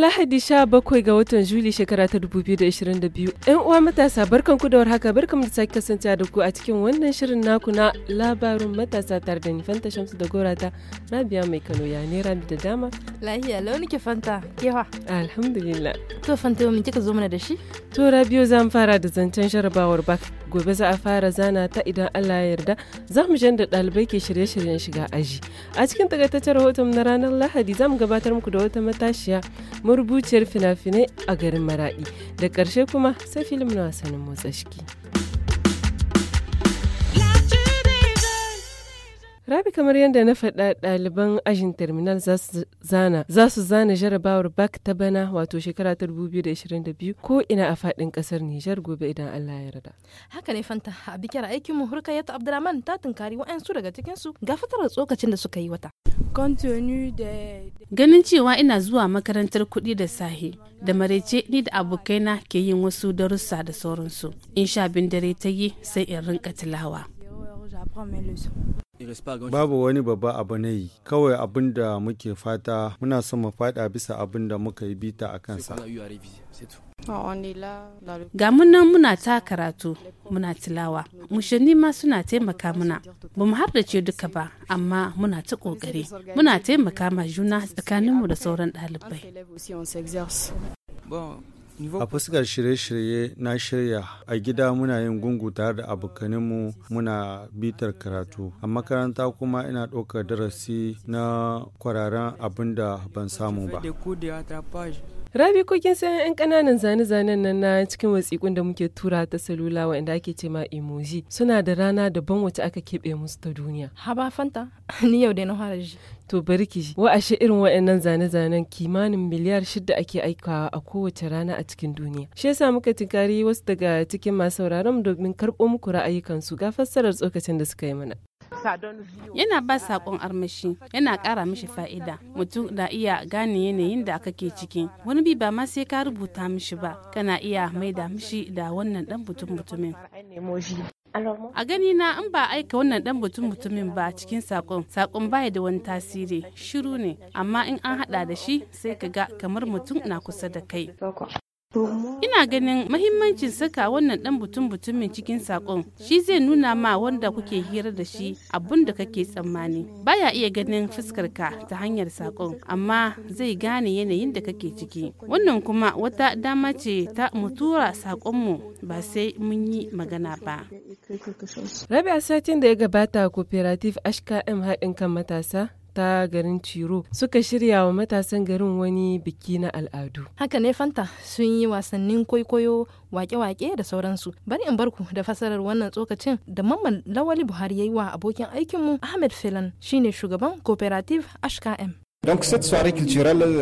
Lahadi bakwai ga watan Juli shekara ta 2022. ‘Yan uwa matasa barkanku da haka barkanmu da sake kasancewa da ku a cikin wannan shirin naku na labarin matasa tare da nifanta Fanta Shamsu da Gorata Rabia mai Kano ya nera da dama. Lahiya launi ke Fanta kewa. Alhamdulillah. To Fanta yau kika zo mana da shi? To Rabiyo zan fara da zancen jarabawar bak gobe za a fara zana ta idan Allah ya yarda za mu da ɗalibai ke shirye-shiryen shiga aji. A cikin takaitaccen rahoton na ranar Lahadi za mu gabatar muku da wata matashiya marubuciyar fina-finai a garin Maraɗi. Da ƙarshe kuma sai filim na wasannin motsa shiki. Rabi kamar yadda na faɗa ɗaliban ajin terminal za su zana zana jarabawar bak ta bana wato shekara ta 2022 ko ina a faɗin ƙasar Nijar gobe idan Allah ya yarda. Haka ne fanta a bikin aikin mu Hurkayat Abdulrahman ta tunkari wa'ansu daga cikin su ga fitar tsokacin da suka yi wata. Ganin cewa ina zuwa makarantar kuɗi da sahi da marece ni da abokaina ke yin wasu darussa da sauransu. In sha bin dare ta yi sai in rinka tilawa. Babu wani babba abu na yi, kawai abin da muke fata muna so mu fada bisa abin da muka yi bita a kansa. Ga nan muna ta karatu, muna tilawa, mushanni ma suna taimaka muna, ba mu ce duka ba, amma muna ta ƙoƙari, muna taimaka ma juna tsakaninmu da sauran ɗalibai. A fuskar shirye-shirye na shirya a gida muna yin gungu tare da abokaninmu muna bitar karatu. A makaranta kuma ina ɗaukar darasi na kwararren abin da ban samu ba. Rabi ko kin san yan kananan zane-zanen nan na cikin wasikun da muke tura ta salula wanda ake ce ma emoji suna da rana daban wacce aka keɓe musu ta duniya. Haba fanta ni yau dai na fara ji. To bari ki Wa'ashe irin waɗannan zane-zanen kimanin miliyar shida ake aikawa a kowace rana a cikin duniya. Shi yasa muka tinkari wasu daga cikin masu sauraron domin karɓo muku su ga fassarar tsokacin da suka yi mana. yana ba sakon armashi yana kara mishi fa'ida mutum na iya gane yanayin da aka ke ciki wani bi ba ma sai ka rubuta mishi ba kana iya maida mishi da wannan dan mutum mutumin a gani na an ba aika wannan dan mutum mutumin ba cikin sakon sakon baya da wani tasiri shiru ne amma in an hada da shi sai ka ga kamar mutum na kusa da kai Ina ganin mahimmancin saka wannan dan butun butumin cikin sakon shi zai nuna ma wanda kuke hira da shi abun da kake tsammani. Baya iya ganin fuskar ta hanyar sakon amma zai gane yanayin da kake ciki. Wannan kuma wata dama ce ta mutura sakonmu ba sai mun yi magana ba. rabia satin da ya gabata cooperative HKM haɗin kan matasa ta garin Ciro suka shirya wa matasan garin wani biki na al'adu. Haka ne Fanta sun yi wasannin kwaikwayo wake-wake da sauransu. Bari in barku da fasarar wannan tsokacin da mamman Lawali Buhari ya yi wa abokin aikinmu Ahmed Filan shine shugaban Cooperative HKM.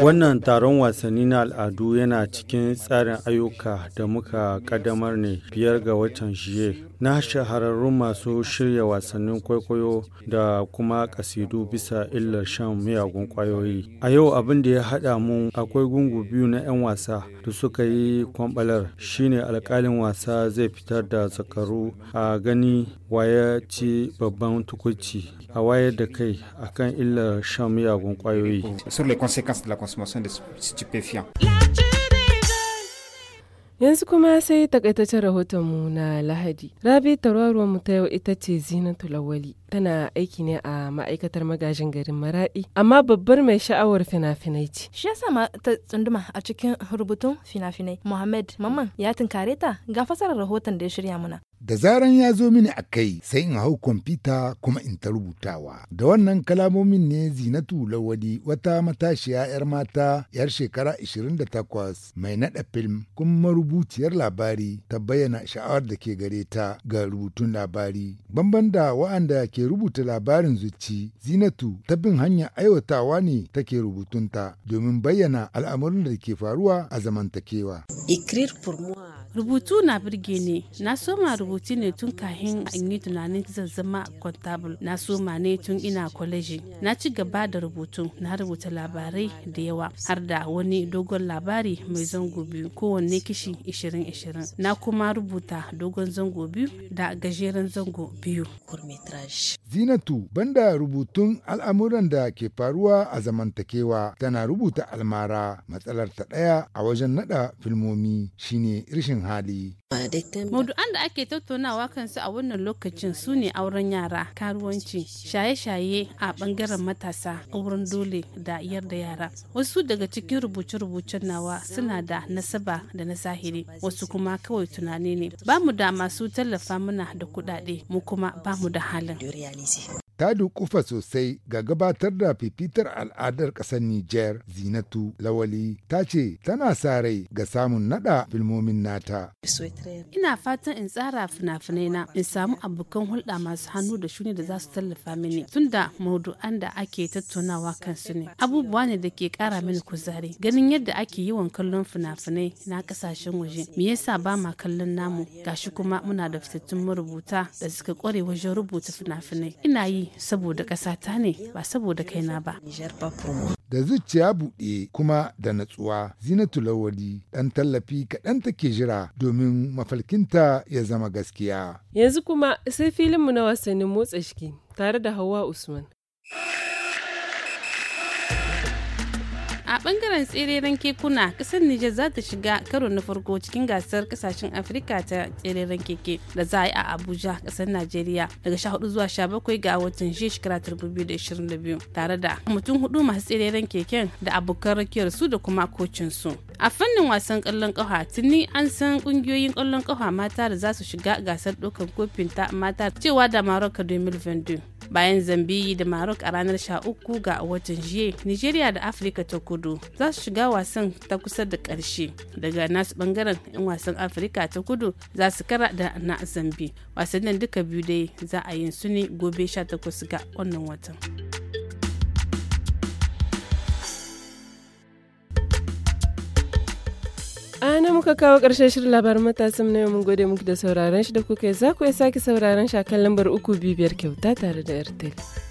Wannan taron wasanni na al'adu yana cikin tsarin ayyuka da muka kadamar ne biyar ga watan shiye na shahararrun masu shirya wasannin kwaikwayo da kuma kasidu bisa illar shan miyagun kwayoyi a yau abin da ya haɗa mu akwai gungu biyu na 'yan wasa da suka yi kwambalar shine alkalin wasa zai fitar da zakaru a gani waya ci babban tukuci a wayar da kai akan illar shan miyagun kwayoyi Yanzu kuma sai takaitaccen rahotonmu na Lahadi. Rabi mu ta yau ita ce Zinatu Lawali. Tana aiki ne a ma'aikatar magajin garin Maradi, amma babbar mai sha'awar fina-finai ce. Shi yasa ma ta tsunduma a cikin rubutun fina-finai. Muhammad mamman ya tunkare ta ga fasarar rahoton da ya shirya muna. da zaran ya zo mini a kai sai in hau kwamfuta kuma in ta rubutawa da wannan kalamomin ne zinatu lawali wata matashiya 'yar mata 'yar shekara 28 mai nada film kuma marubuciyar labari ta bayyana sha'awar da ke gare ta ga rubutun labari bamban da wa'anda ke rubuta labarin zuci zinatu ta bin hanya aiwatawa ne take rubutunta domin bayyana al'amuran da ke faruwa a zamantakewa rubutu na birge ne na soma rubutu ne tun kahin in yi tunanin zazzama contable na soma ne tun ina kwaleji na ci gaba da rubutu na rubuta labarai da yawa har da wani dogon labari mai zango biyu kowanne kishi 20-20 na kuma rubuta dogon zango biyu da gajeren zango biyu zinatu banda rubutun al'amuran da ke faruwa a zamantakewa tana rubuta almara matsalar ta ɗaya a wajen nada filmomi shine irshin rashin hali. Maudu'an da ake tattaunawa kansu a wannan lokacin su ne auren yara, karuwanci, shaye-shaye a ɓangaren matasa, auren dole da yarda yara. Wasu daga cikin rubuce-rubucen nawa suna da nasaba da na zahiri, wasu kuma kawai tunani ne. Ba mu da masu tallafa muna da kuɗaɗe, mu kuma ba mu da halin. ta dukufa sosai ga gabatar da fifitar al'adar ƙasar Nijar Zinatu Lawali ta ce tana sa rai ga samun nada filmomin nata. Ina fatan in tsara fina-finai na in samu abokan hulɗa masu hannu da shuni da za su tallafa mini tunda maudu'an da ake tattaunawa kansu ne. Abubuwa ne da ke ƙara mini kuzari ganin yadda ake yawan kallon fina-finai na ƙasashen waje. Me yasa ba ma kallon namu gashi kuma muna da fitattun marubuta da suka ƙware wajen rubuta fina-finai. Ina yi saboda saboda ƙasata ne ba saboda kaina ba. Da zuciya buɗe kuma da natsuwa zinatu lawali ɗan tallafi kaɗan take jira domin mafalkinta ya zama gaskiya. Yanzu kuma sai filinmu na wasannin motsa shiki tare da Hauwa Usman. a bangaren tsereren kekuna kasar nijar za ta shiga karo na farko cikin gasar kasashen afirka ta tsereren keke da za a yi a abuja kasar najeriya daga 14 zuwa 17 ga watan jiya shekara 2022 tare da mutum hudu masu tsereren keken da abokan rakiyar su da kuma kocin su a fannin wasan kallon kafa tuni an san kungiyoyin kallon kafa mata da za su shiga gasar ɗaukar kofin ta mata cewa da maroka 2022 bayan zambi da maroc a ranar 13 ga watan jiya nigeria da afirka ta kudu za su shiga wasan ta kusa da ƙarshe daga nasu bangaren 'yan wasan afirka ta kudu za su kara da na zambi wasannin duka biyu dai za a yin su ne gobe sha 18 ga wannan watan. Ana muka kawo ƙarshen shirin labarin matasan na yau mun gode muku da sauraron shi da kuka yi zaku ya sake sauraron shi a lambar uku biyar kyauta tare da Airtel.